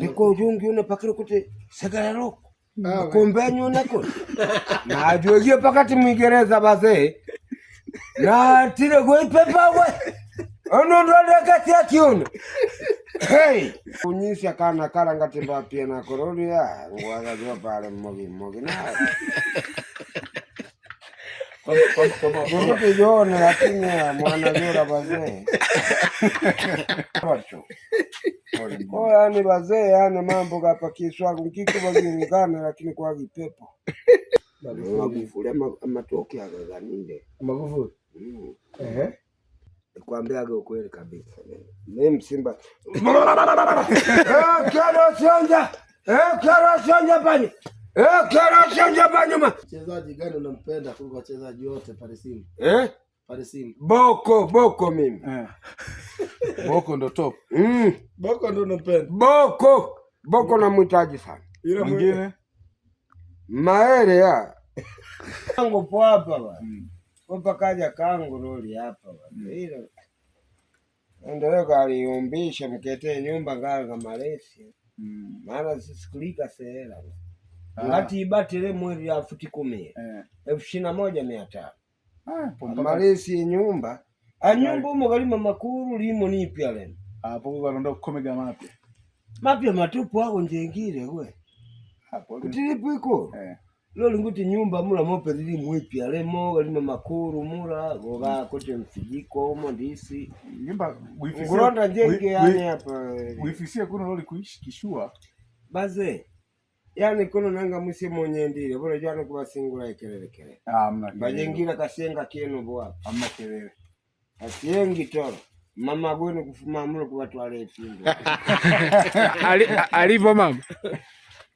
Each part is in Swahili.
ndiko urungi unapakira kuti segerero ah, makombenyu nako najuegie pakati mwingereza bazee natire gwipepawe onondondekatia kiuno hey unyisha kana kala ngati mbapie na kororia ngwagaziwa pale mmogi mmogi nayo Tukijione lakini mwanavyura wazee ko yani wazee yani mambo kapa kiswangu kitu wakiungana lakini kwa vipepo Magufuli amatoke agazaninde Magufuli mm. ehe ukweli kabisa, mi Msimba eh, kyarasonja eh, kyarasonja pani Eh, kerosha njaba nyuma. Mchezaji gani unampenda kuliko wachezaji wote pale Simba? Eh? Pale Simba. Boko, Boko mimi. Eh. Boko ndo top. Mm. Boko ndo unampenda. Boko. Boko na mtaji sana. Yule mwingine. Maere ya. Kangu po hapa bwana. Mm. Opa kaja kangu roli hapa bwana. Hilo. Mm. Ndio kaliumbisha mketee nyumba kama kama resi. Mm. Mara sisikulika sehela. Ah. ngati ah. ibati le mwezi ya futi kumi eh. elfu ishirini na moja mia tano ah, malesi yenyumba anyumba umo kalima makuru limo nipya leno apo ah, kalonda kukomega mapya mapya matupu ako njengile we kutilipu iko eh. loli linguti nyumba mula mope lili mwipya lemo kalima makuru mula goga kote mfijiko umo ndisi nyumba ngulonda njenge yani hapa wifisie kuna loli kuishi kishua baze yani kono nanga mwisi mwenye ndile bora jana kuwa singula ah, kelele kelele. Ah, mna kelele. Bajengira kasenga kienu buwa Amna kelele. Asiengi tolo Mama gwenu kufuma mlo kuwa tuwale wale alivo mama.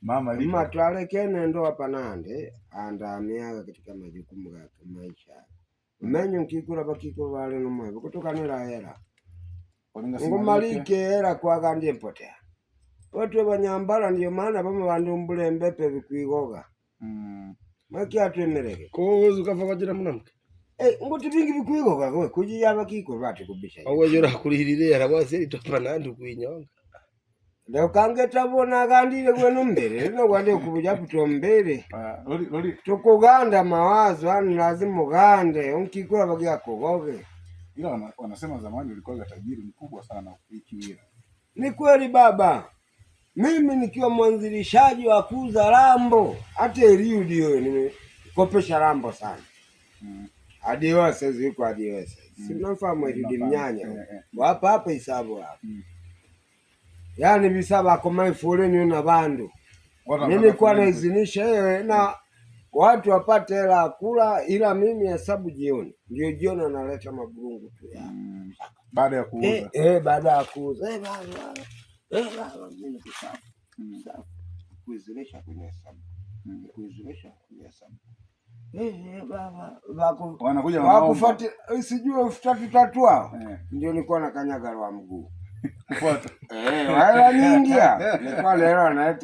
Mama alivyo. Mama twale kene ndo hapa nande andamiaga katika majukumu yake maisha. Mm. Menyo nkikula kikula wale no mwe kutoka nila hera Ngumalike hera kwa gandye mpotea watu wa banyambala ndio maana bama bandu mbulembe pe bikwigoga mm. maki uwezu kafa kwa jina mwanamke Hey, eh, nguti vingi vikuigoga kwa kuji yaba kiko vati kubisha awe yora rawa seri topa nandu kuinyonga leo kangeta bona kandile kwenu mbere lino kwande kubuja puto Tuko ganda mawazo ani lazima ugande unkikula ya kogoge ila wanasema zamani ulikuwa tajiri mkubwa sana ukikiwira ni kweli baba mimi nikiwa mwanzilishaji wa kuuza rambo, hata eliu ndio nimekopesha rambo sana mm. adiwese ziko adiwese mm. si mnafahamu Mnyanya eh, eh. hapa hapa Isavo hapa mm. yaani visaba komai foleni na bandu mimi kwa naizinisha yeye na watu wapate hela ya kula, ila mimi hesabu jioni ndio jioni analeta maburungu tu mm. baada ya kuuza eh, eh, baada ya kuuza eh, kuizilisha kwenye hesabu kuizilisha kwenye hesabu sijui elfu tatu tatu hao ndio nilikuwa na kanyaga wa mguu hela eh, nilikuwa leo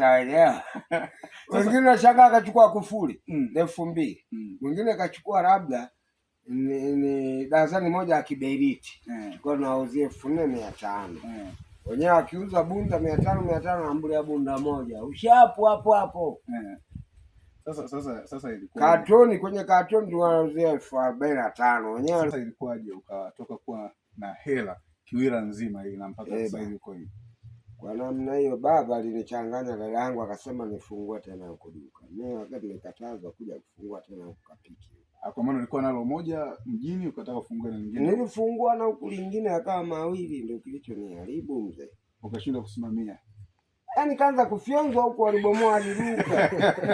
wengine shaka akachukua kufuri mm. elfu mbili mm. wengine akachukua labda ni darasani moja ya kiberiti tulikuwa eh. elfu nne mia tano eh wenyewe akiuza bunda mia tano mia tano ambulia bunda moja ushapo hapo hapo yeah. Sasa, sasa, sasa ilikuwa katoni kwenye katoni ndio wanauzia elfu arobaini na tano wenyewe. Sasa ilikuwaje ukatoka kuwa na hela kiwira nzima ili na mpaka eh, sasa hivi uko hivi? Kwa namna hiyo, baba alinichanganya dada yangu akasema nifungue tena huko duka. Mimi wakati nikatazwa kuja kufungua tena huko kapiki Ah, kwa maana ulikuwa nalo moja mjini ukataka kufungua na lingine. Nilifungua na huku lingine akawa mawili, ndio kilichoniharibu mzee. Ukashindwa kusimamia. Yaani kaanza kufyonzwa huko, walibomoa aliruka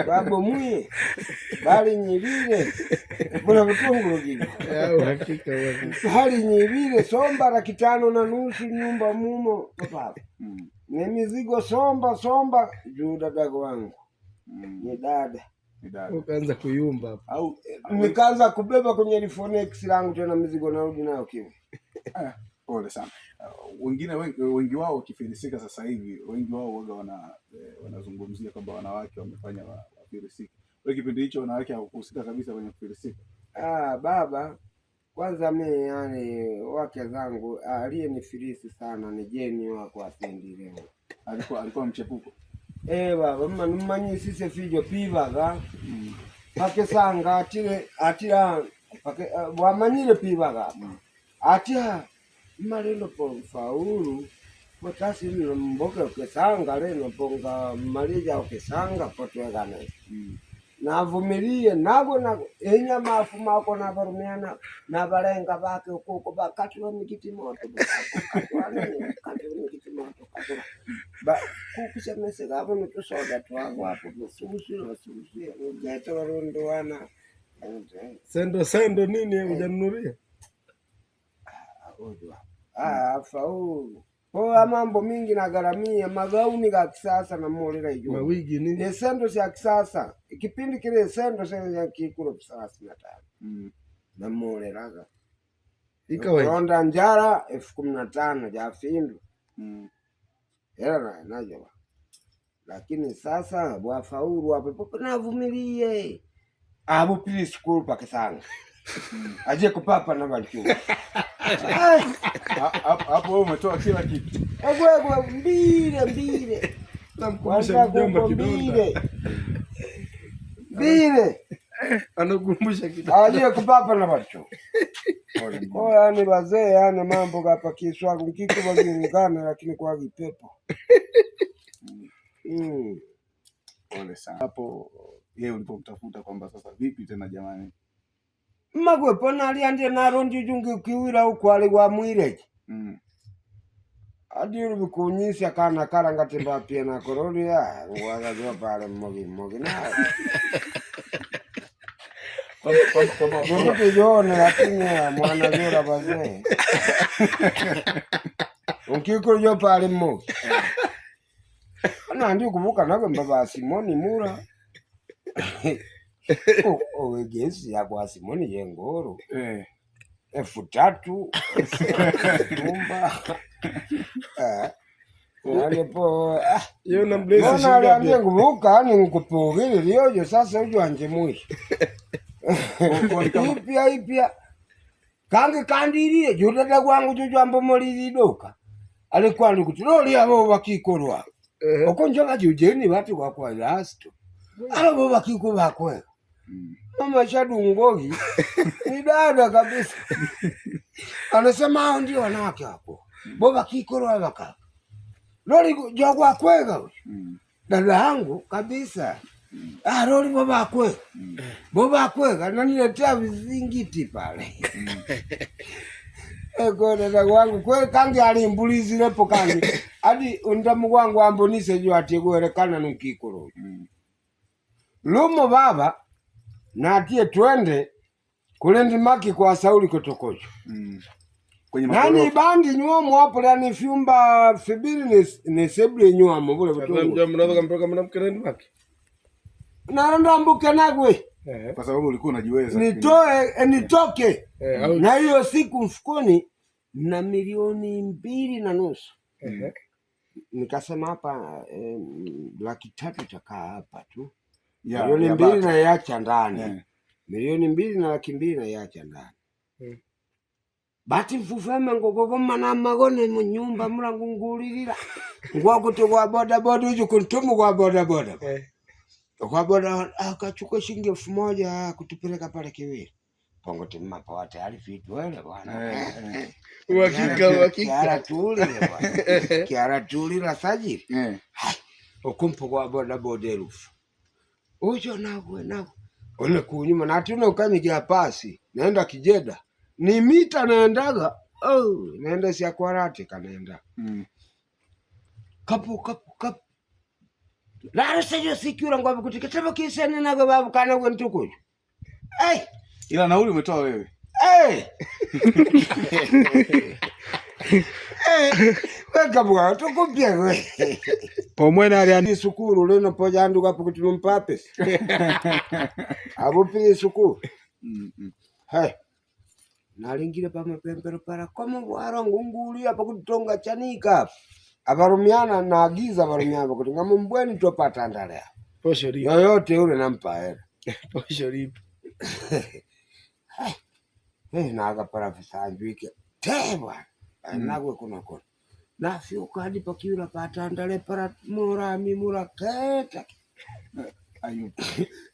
wabomue bali nyivile mbona hakika vile hali nyivile somba laki tano na nusu nyumba mumo papa mm. ni mizigo somba somba juu dada wangu mm. ni dada Ukaanza kuyumba Au eh, nikaanza kubeba kwenye Lifonex langu tena mizigo narudi nayo kiwe. Eh, pole sana. Uh, wengine wengi, wao wakifilisika sasa hivi, wengi wao waga wana eh, wanazungumzia kwamba wanawake wamefanya wafilisika. Wewe kipindi hicho wanawake hawakuhusika kabisa kwenye kufilisika. Ah, baba kwanza mimi yani wake zangu ah, aliyenifilisi sana ni Jeni wako asendi leo. Alikuwa alikuwa mchepuko ewa vamma numanyisise fijo pivaga mm. pakesanga atile atila pake, uh, wamanyile pivaga mm. atya mmalino po mfaulu potasililo mboke okesanga leno ponga mmalija okesanga potwegane mm navumilie navo na inya mafu mako navarumiana na valenga vake ukuko vakatula mikiti moto mikiti moto kukusemese gavo nitusoda twago apo vasusie vasusie ujete varunduwana sendo sendo nini eh. ujanunuria afaulu ah, oya mambo mingi nagaramia magauni ga kisasa namolera ijo mawigi ni esendo ya kisasa kipindi kile esendo ya kikuro kisasa na tano mm. namoleraga ikawaonda njara elfu kumi na tano jafindu mm. era najowa lakini sasa bwafaulu apo navumilie abupili sikulu pakisanga Mm. Aje kupapa na malkia. Hapo umetoa kila kitu. Hebu hebu mbile mbile. Namkumbusha mjomba kidonda. Mbile. Anakumbusha kitu. Aje kupapa na malkia. Kwa yani wazee yani mambo hapa kiswagu kitu wazungana lakini kwa vipepo. Mm. mm. Pole sana. Hapo yeye ulipomtafuta kwamba sasa vipi tena jamani? magwepo nalia ndie naro njijungi kiwira ukwali wa mwireki mm. adi uli bikunyisya kana kala ngatimba pie na korolia ah, ngwagaziwa pale mmogi mmogi naye ukijone lakini ah, mwana vyula bazee unkikulijo pale mmogi nandi ukuvuka nagwe mbaba simoni mura Oh, oh, gesi yako yengoro eh. elfu tatu tumba eh. ah. aliambia nguruka ani nkupugili liojo sasa ujo anje mwishi ipya ipya kangi kandirie judada gwangu jujwambomolithi iduka alikuwa ndikutulolia vo vakikolwa uko jujeni vatu gwakwa lasto alo vo vakiko Mama Chadungogi ni dada kabisa, anasema hao ndio wanawake hapo boba Roli lori kwa kwega dada yangu kabisa mm. Ah, Roli baba akwe mm. baba akwe ananiletea vizingiti pale mm. eko eh, dada wangu kwe kangi alimbulizilepo kangi hadi undamu wangu ambonise juu atiegwerekana nukikoro mm. lumo baba na atie twende kulendimaki kwa Sauli kotokocho mm. nani bandi nyuomo apo lani fyumba fibili sebule nyuomo vule mbuke nagwe eh. kwa sababu ulikuwa unajiweza nitoe eh, nitoke eh, na hiyo siku mfukoni na milioni mbili na nusu eh, eh. nikasema hapa eh, laki tatu takaa hapa tu ya, milioni mbili na yacha ndani yeah. milioni mbili na laki mbili na yacha ndani mm. bati mfufeme ngogogoma na magone munyumba mulangu ngulilila ngwakuti boda boda uju kuntumu gwa boda yeah. kwa boda akachukua ah, shilingi elfu moja ah, kutupeleka pale Kiwira pongoti mmapa wate alifitu wele bwana uhakika eh, eh. eh. uhakika kiara tulile bwana kiara tulila sajili kwa boda boda elufu ujo nawe nawe ole kunyuma na tuna ukamigia pasi naenda kijeda ni mita naendaga oh, naenda siakwarate kanaenda mm. kapu kapu kapu larasejo sikura ngwabu kuti kitabo kisene nago babu kana gwe ntukuyo hey. ila nauli umetoa wewe hey. weka bwana tukupya we pomwena ali ani sukuru lino poja andu kapo kuti numpape abupili sukuru mm -mm. pa mapembero para koma bwara ngunguli apa kutonga chanika avarumiana naagiza varumiana kuti ngamu mbweni topata ndale posho lipo yoyote ule nampa hela posho lipo hey, hey, nakapara visanjwike te bwana nagwe mm. kunokona nafyuka hadi pakiula patandale para murami muraketa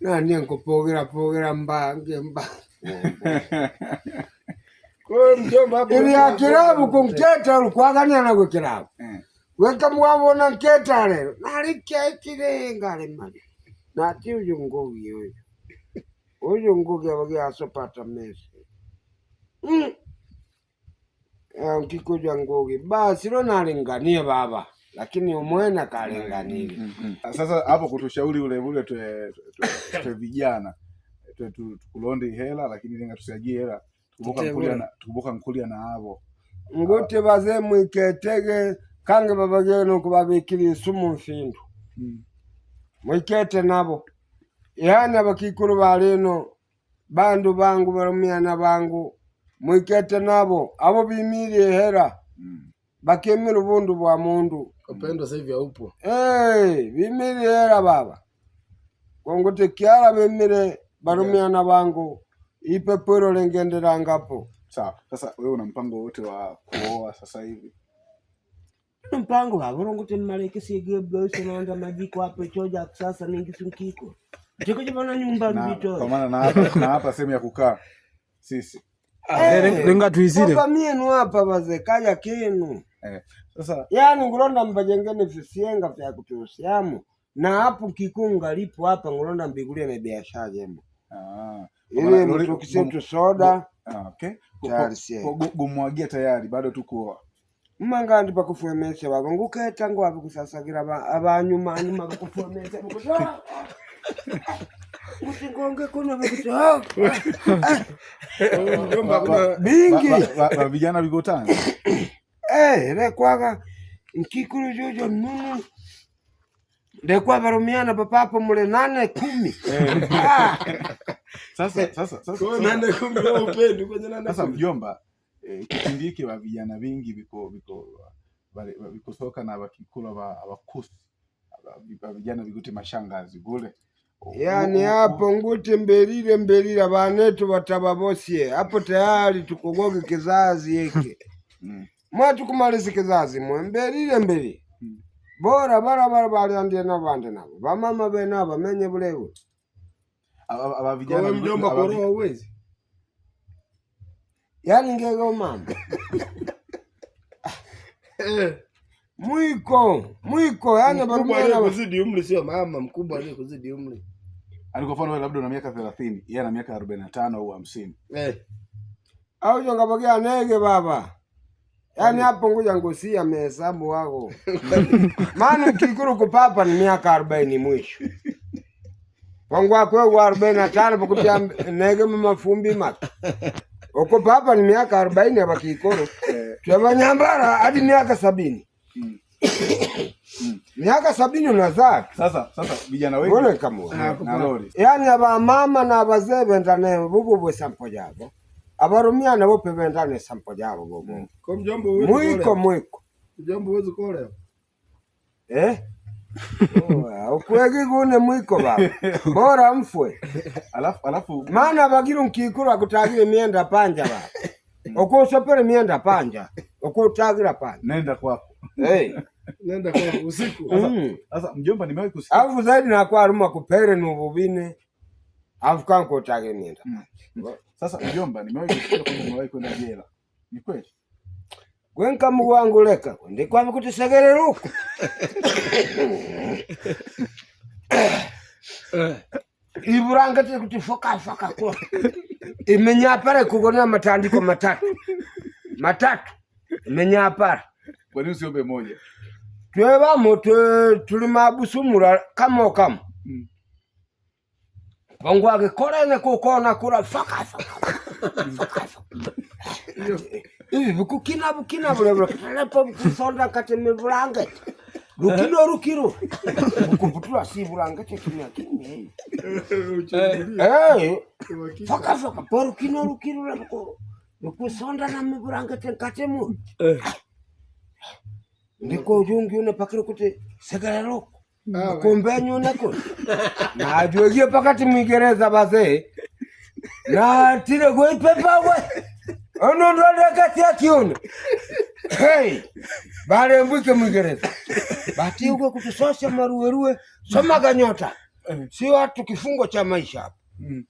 nanie nkupogera pogera mbange mba ili akilabu kunketa lukwagania nagwe kirabu eh. weka mwavona nketa lero naliketilenga lemali nati uyu ngowi uyu uyu ngugi avagiasopata mesi mm. Eh, nkikuja Ngugi basi nalinganie baba lakini umwene akalinganile. Mm, mm, mm. Sasa hapo kutushauri ule ule twe vijana tukulonde hela lakini lenga tusiajie hela tukuboka nkulia na avo nguti baze mwiketege kange babageno kubabikili isumu mfindu mwikete nabo yani bakikuru balino bandu bangu barumiana vangu bangu mwikete nabo abo bimilie hera mm. bakemile ubundu bwa mundu upendo sasa hivi haupo hey, bimilie hera baba kongote kyala bemile barumiana yeah. bangu ipepero ngapo sawa sasa wewe una mpango wote wa kuoa sasa hivi mpango wa wavorongoti mmalekesigeblosonanza majiko hapo choja sasa ningi sunkiko chikochivona nyumba mbito kwa maana na hapa sehemu ya kukaa sisi Ah, eh, lingatwisire mienu hapa vazekaya kinu eh, sasa yani ngulonda mbajengene visienga vya kutusiamu na hapo kikunga lipo hapa ngulonda mbigulie na biashara jema ili ah, eh, tukisetu soda ah, gumwagia tayari bado tukuoa mmangandi pakufwemese wako nguketa ngwavi kusasagira abanyumanyuma bakufwemese usigonge kuna bingi vijana vikotana eh, rekwaga nkikulu jojo nunu ndekwa varumiana papapo mule nane kumi eh. ah. sasa mjomba eh, kipindi hiki wa vijana vingi viko viko vikosoka na vakikula vakusi vijana vikuti mashangazi gule Yani hapo nguti mbelile mbelile vanetu vatabavosye hapo tayari tukogoge kizazi yeke hmm. mwatukumalizi kizazi mwe mbelile mbelile hmm. bora barabara valiandie na vande navo vamama bulewe vamenye vijana mjomba koroa uwezi yani ngego mama eh, mwiko mwiko yani mkubwa kuzidi umri sio mama mkubwa kuzidi umri Yaani kwa mfano labda una miaka 30, yeye ana miaka 45 au 50. Eh. Au hiyo kapokea nege baba. yani hapo ngoja ngosia mehesabu wako. Maana kikuru kupapa ni miaka 40 mwisho. Wangu wako wewe 45 pokutia nege mafumbi maka. Uko papa ni miaka 40 hapa kikuru tuwa eh. nyambara hadi miaka sabini. Hmm. Mm. miaka sabini unazaa sasa sasa vijana wengi kama yani abamama na abazee bendane bwe sampo jabo abarumia na bope bendane sampo jabo bobo mm. ko mjombo wewe mwiko mwiko mjombo wewe eh ukwegi gune mwiko baba bora mfwe alafu alafu maana bagiru nkikura kutagire myenda panja baba mm. ukusopere myenda panja ukutagira panja nenda kwako eh hey nenda kwa usiku mm. sasa. Mjomba, nimewahi kusikia alafu zaidi na kwa aruma kupere nuvuvine alafu kanko mm. sasa. Mjomba, nimewahi kusikia kwamba kwenda jela, ni kweli? gwenka leka eh. kwa imenyapara kugona matandiko matatu matatu imenyapara. Kwa nini usiombe moja? twevamo tulimabusumula busumula kamo kamo mm. vangwage korene kukona kura fakafa ivi vikukina vukina vulevulekelepo vukusonda kati mivulangete lukilo lukilo vukuvutula si vulangete kimya kimya fakafa kapo lukino lukilo na mivulangete nkati ndiko ujungi une pakiro kuti sekerero ah, makombenyu neko najogie pakati mwigereza bazee natire goipepawe onondondekatia kiuno hey barembwike mwigereza batiugwe kuti sosya maruweruwe somaga nyota si watu kifungo cha maisha hapa mm.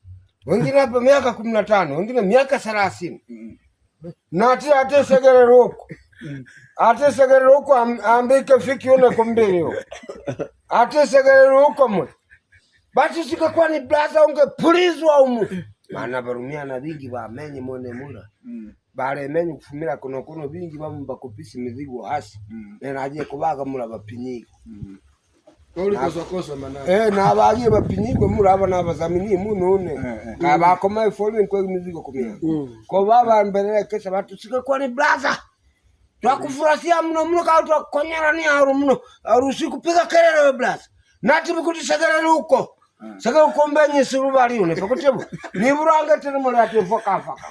wengine hapa miaka kumi na tano wengine miaka thelathini mm. natira ate segerero huko mm ate uko ambike fiki une kumbili ate segere uko mwe basi sikakuwa ni blaza ungepulizwa umu mana barumiana bingi bamenye mwene mura mm. menye kufumila kuno kuno bingi bamu bakupisi mizigo hasi mm. nenaje kubaga mula bapinyigo mm. nabagie eh, bapinyigwe mura aba nabazamini munune eh, eh. kabakoma eforin kwemizigo kumya mm. ko babamberere kesa batusike kwa ni blaza twakufurahia mno mno ka ni haru mno harusi kupiga kelele we blasi nati bikutisegelele uko ukombe hmm. ukombenye sirubali une fakutibu ni buranga tiri mule ati foka foka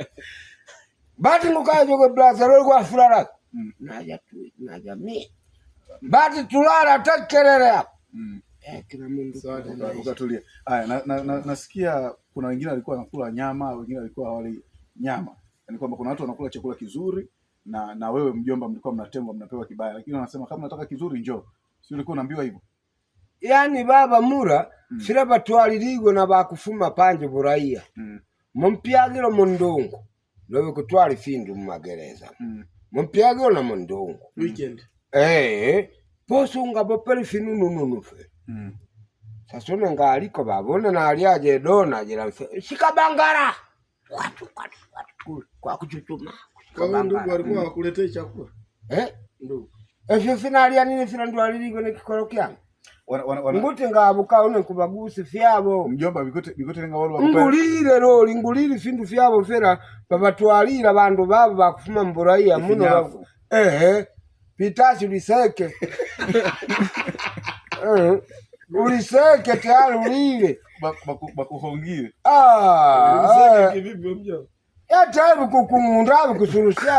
bati ngukaje we blasi ro kwa furara hmm. naja tu naja mi bati tulala takelele hapo hmm. eh, kila mundu ukatulia haya nasikia kuna wengine walikuwa wanakula nyama wengine walikuwa hawali nyama, yani kwamba kuna watu wanakula chakula kizuri na na wewe mjomba, mlikuwa mnatengwa mnapewa kibaya, lakini wanasema kama nataka kizuri njoo. Si ulikuwa unaambiwa hivyo? Yani baba mura mm. sira batwaliligo na bakufuma panje buraiya mm. mumpyagilo mundungu nobe kutwala findu mumagereza mm. mumpyagilo na mundungu mm. weekend eh posunga bopeli finu nununufe mm. sasone ngaliko babona na aliaje dona jira shikabangara kwa kuchuchuma. Kwa ndugu alikuwa mm. akuletee chakula eh, ndugu efyo eh, finalia nini fina ndo aliliko ni kikolo kyangu ngute ngabuka une kubaguse fyabo mjomba bikote bikote nga walo ngulire lo lingulire findu fyabo fera babatwalira bandu babo bakufuma mburaia muno ehe pitasi uliseke eh, uliseke tayari ulile bakuhongie ah, eh. kukumunda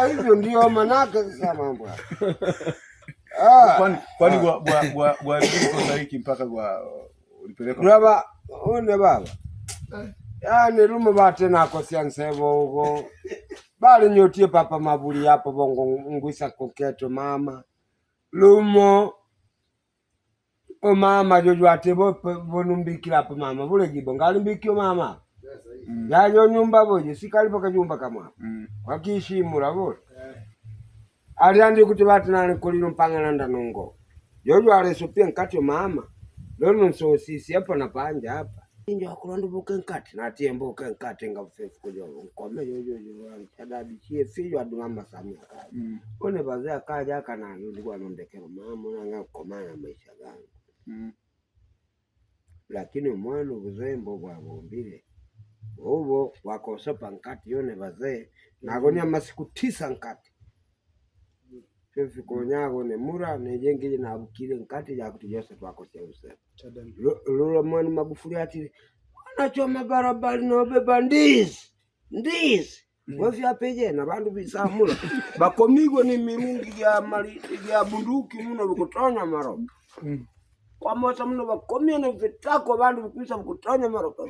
hivyo ndio manake sasa mambo kwani mpaka ulipeleka une baba yani eh. lume bate nakosia nsevo huko bali nyotie papa mavuli yapo bongo ngwisa koketo mama lumo omama jojuate vonumbikila po mama vulejibo ngalimbiki omama mm. yayo nyumba voje sikalipo kanyumba kamwa mm. wakishimula vo yeah. aliandi kuti vati nalikulilo mpang'ananda nongo jojo alesopie nkati omama lono nsosisi na panja hapa inja wakulonduvuke nkati natiembuke nkati nga ngafefu kujo nkome yojojochadadi chie fijo adumamba samyaka mm. one vazea kaja akananu ndikwanondekera mama nangakomana maisha gangu Mm. lakini omwana obuzembe bwabombire obwo wakosopa nkati yone bazee nagonia mm. masiku tisa nkati mm. fyofikoonyago nemura nejengije nabukire nkati jakuti jose twakosia usema lula mwani Magufuli ati wanachoma barabara nobeba ndizi ndizi wefyapeje na bandu bisamula bakomigwe ni mirungi gya bunduki muno bikotonya marobo kwamota muno vakomine vitako vandu vipisa vikutonya maroka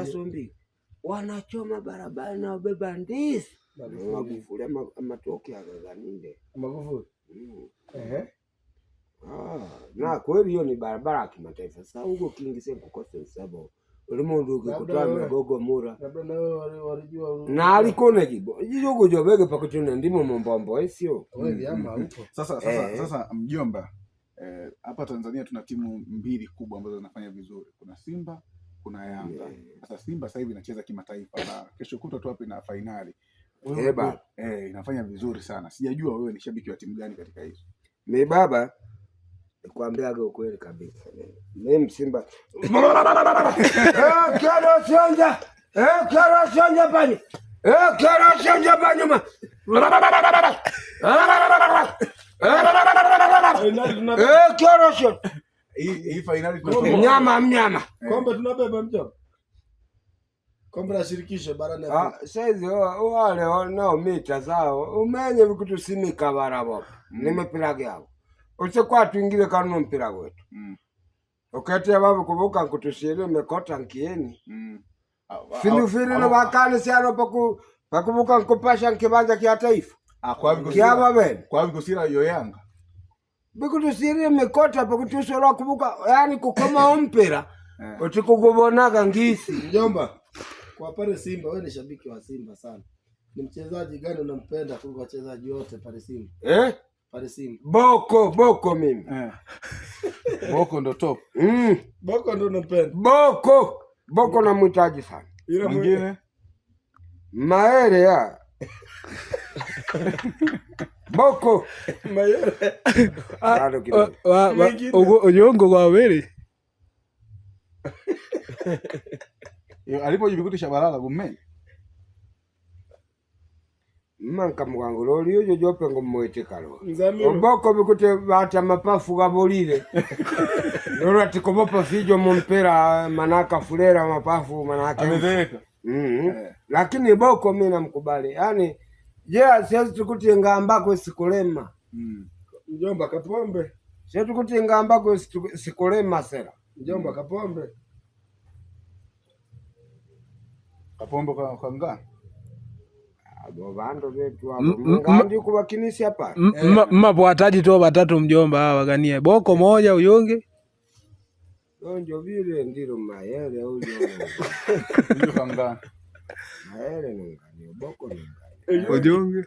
asombi wanachoma barabara na ubeba ndizi mm. Magufuli amatoke agaganinde Magufuli mm. ah, na kweli hiyo ni barabara ya kimataifa. Sasa huko kingi sasa kukose msabo ulimundu ukikutoa migogo mura na alikona jibo jijo kujobege pakutuna ndimo mombombo esio. Eh, mm, sasa sasa eh. sasa mjomba Eh, hapa eh, Tanzania tuna timu mbili kubwa ambazo zinafanya vizuri, kuna Simba kuna Yanga. Sasa yeah. Simba sasa hivi inacheza kimataifa na kesho kutwa tu hapo na fainali eh, eh, inafanya vizuri sana. Sijajua wewe ni shabiki wa timu gani katika hizo? Ni baba nikwambiaga ukweli kabisa, mimi Simba eh, Eh, eh, eh, Korosho mnyama mnyama, kombe tunabeba mnyama, ah, Saizi wale wanao mita zao umenye vikutusimika varavo mm. nimipira gyavo usikwatu tuingile kanuno mpira gwetu mm. uketia vavo kuvuka nkutushirie mekota nkieni mm. finufirilo vakani syano pakuvuka nkupasha nkivanja kya taifa Ah, kya yanga bikutusirire mikota pakutusola kubuka yani kukoma ompira eh. utikukubonaka ngisi mjomba kwa pale Simba. Wewe ni shabiki wa Simba sana, ni mchezaji gani unampenda kuliko wachezaji wote pale Simba eh? pale Simba Boko Boko mimi eh. Boko ndo top mm. Boko ndo unampenda Boko Boko namhitaji sana. Mwingine Maere ya boko uyongo wawe re alipojibikutisha balala gumenye mmanka muwangu loli ujo jope ngo mwetekalo oboko bikute bata mapafu gabolile lolwati kobopa fijo mumpera manaka fulera mapafu manaka mm -hmm. lakini boko mina namkubali yani yeah siezi tukutinga ambako sikulema mm. mjomba kapombe sie tukutinga ambako sikulema sera mjomba mm. kapombe kapombe kwa kanga vandu hapa to batatu mjomba hawa wakanie boko moja uyungi onjo vile ndilo mayele mayele boko Ojonge.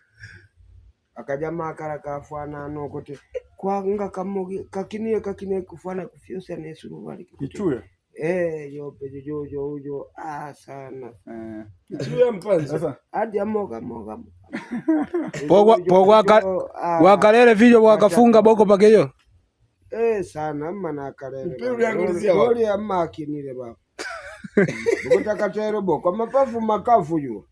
Akajama akara kafana nokote. Kwanga kamogi kakiniye kakiniye kufana kufyusa ne suruvali. Kichuya. Eh, yo yope jojo ujo ah sana. Eh. Kichuya mpanzi. Sasa hadi amoga moga. Pogwa pogwa ka ah, wakalele video kafunga boko pake hiyo. Eh sana mana kalele. Mpira yangulizia wali Goli akinile baba. Ukutaka tero boko mapafu makafu jua.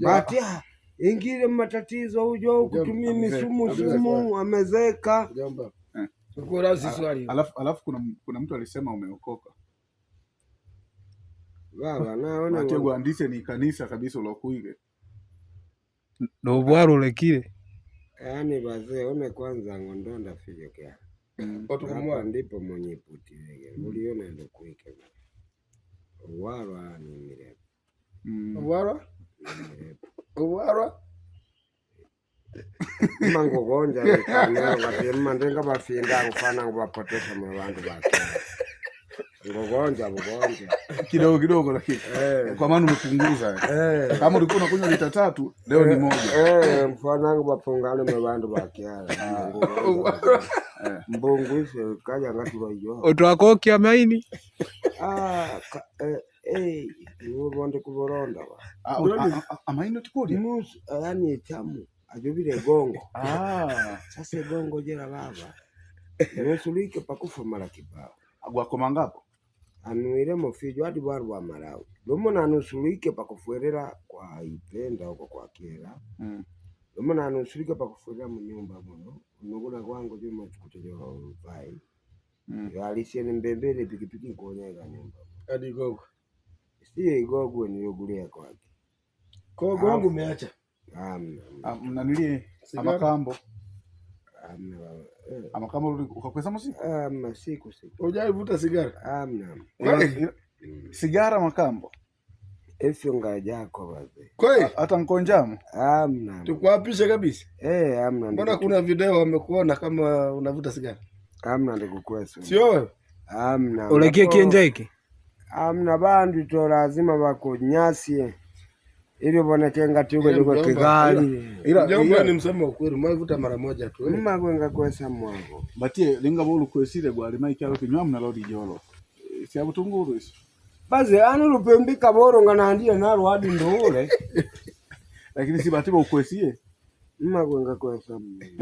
Batia ingile matatizo ujo kutumia misumu sumu amezeka. Eh. Alafu alafu kuna kuna mtu alisema umeokoka. Baba naona andise ni kanisa kabisa ulokuige ndobwaro lekile yaani wazee one kwanza ngondonda fijokea otukamwa mm. ndipo mwenye puti putilege uliona ndokuike uwarwa ni mirefu mm. uwarwa uwara mangukonja ikaneo ngati mandinga bafinda angufana ngubapotesha mwe bantu bake ngogonja bugonja kidogo kidogo, lakini hey, eh. kwa maana umepunguza eh. Kama ulikuwa unakunywa lita tatu leo ni moja mfanangu eh, bapungane mwe bantu bakyala ah, mbunguise kaja ngati baiyo otwako kiamaini ah, Ubundi kuboronda ba. Ah, ah, ah, Amaino tukulya. Musu yani etamu ajubile gongo. Ah. Sasa gongo jela baba. Nimesulike pakufa mara kibao. Agwakoma ngapo. mufijo hadi bwana wa Malawi. Lumuna anusulike pakufuerera kwa ipenda huko kwa kera. Hmm. Lumuna anusulike pakufuerera mu muno. Unogona kwangu juma kutejo mbembele pikipiki nkonya nyumba. Hadi hiyo igogo niliogulia kwake kogo wangu umeacha ah, mnanili amakambo eh. amakambo ukakwesa masiku ama siku siku ujaivuta sigara amna mm. sigara makambo efyo ngajako baze kweli hata nkonjamo amna tukuapishe kabisa eh amna mbona kuna video wamekuona kama unavuta sigara amna ndikukwesa sio wewe amna ulegee kienja hiki amna bandu to lazima bakunyasye ili bonekenga tiuke tuko kigali ila mjomba ni msema wa mwavuta mara moja tu mma gwenga kwesa mwango batie linga bolu kwesile gwali maiki alo kinywa mna lodi jolo eh, si abutunguru isi baze anu lupembika boro nga nandia nalo hadi ndo ule lakini si batiba ukwesie mma gwenga kwesa mwango